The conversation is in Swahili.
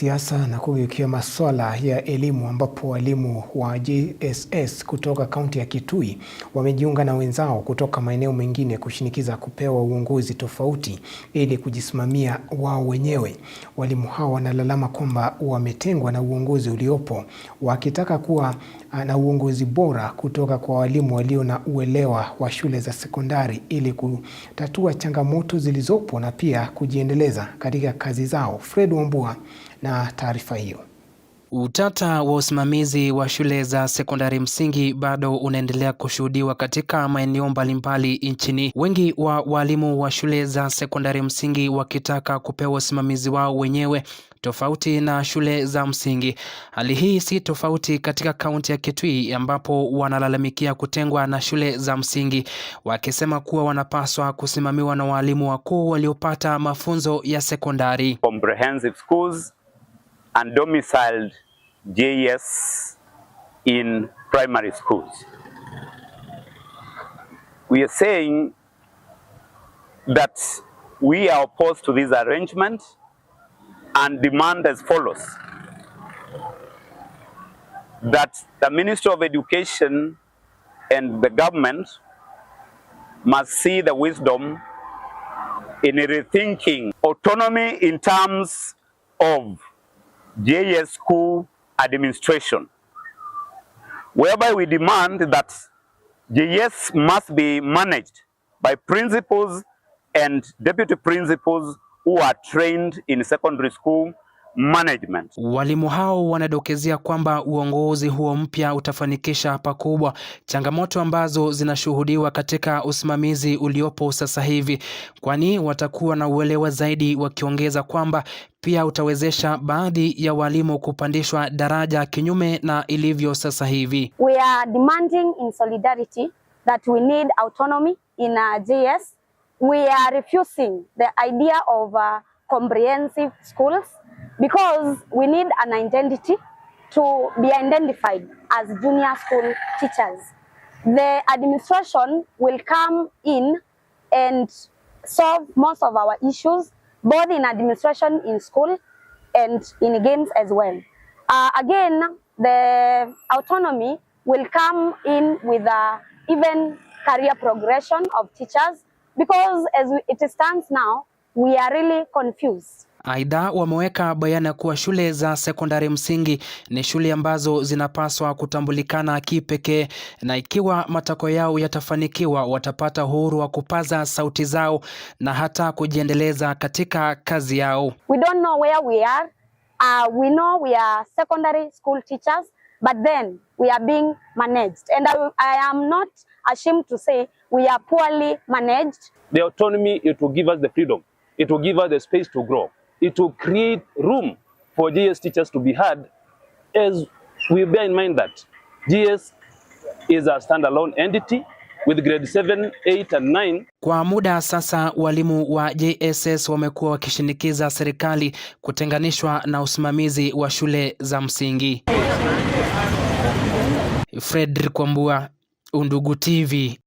Siasa na kugeukia masuala ya elimu ambapo walimu wa JSS kutoka kaunti ya Kitui wamejiunga na wenzao kutoka maeneo mengine kushinikiza kupewa uongozi tofauti ili kujisimamia wao wenyewe. Walimu hao wanalalama kwamba wametengwa na uongozi uliopo, wakitaka kuwa ah, na uongozi bora kutoka kwa walimu walio na uelewa wa shule za sekondari ili kutatua changamoto zilizopo na pia kujiendeleza katika kazi zao. Fred Wambua na taarifa hiyo. Utata wa usimamizi wa shule za sekondari msingi bado unaendelea kushuhudiwa katika maeneo mbalimbali nchini, wengi wa walimu wa shule za sekondari msingi wakitaka kupewa usimamizi wao wenyewe tofauti na shule za msingi. Hali hii si tofauti katika kaunti ya Kitui ambapo wanalalamikia kutengwa na shule za msingi, wakisema kuwa wanapaswa kusimamiwa na walimu wakuu waliopata mafunzo ya sekondari. Comprehensive schools and domiciled jes in primary schools. We are saying that we are opposed to this arrangement and demand as follows that the Minister of Education and the government must see the wisdom in rethinking autonomy in terms of JS School Administration, whereby we demand that JS must be managed by principals and deputy principals who are trained in secondary school management. Walimu hao wanadokezea kwamba uongozi huo mpya utafanikisha pakubwa changamoto ambazo zinashuhudiwa katika usimamizi uliopo sasa hivi, kwani watakuwa na uelewa zaidi, wakiongeza kwamba pia utawezesha baadhi ya walimu kupandishwa daraja kinyume na ilivyo sasa hivi. We are demanding in solidarity that we need autonomy in JS. Uh, we are refusing the idea of uh, comprehensive schools. because we need an identity to be identified as junior school teachers. The administration will come in and solve most of our issues, both in administration in school and in games as well. Uh, again, the autonomy will come in with a uh, even career progression of teachers because as we, it stands now, we are really confused. Aidha, wameweka bayana kuwa shule za sekondari msingi ni shule ambazo zinapaswa kutambulikana kipekee, na ikiwa matakwa yao yatafanikiwa, watapata uhuru wa kupaza sauti zao na hata kujiendeleza katika kazi yao. We don't know where we are. Uh, we know we are secondary school teachers, but then we are being managed. And I, I am not ashamed to say we are poorly managed. The autonomy, it will give us the freedom. It will give us the space to grow it will create room for GS teachers to be heard as we bear in mind that GS is a standalone entity with grade 7, 8 and 9. Kwa muda sasa walimu wa JSS wamekuwa wakishinikiza serikali kutenganishwa na usimamizi wa shule za msingi. Fredrick Kwambua, Undugu TV.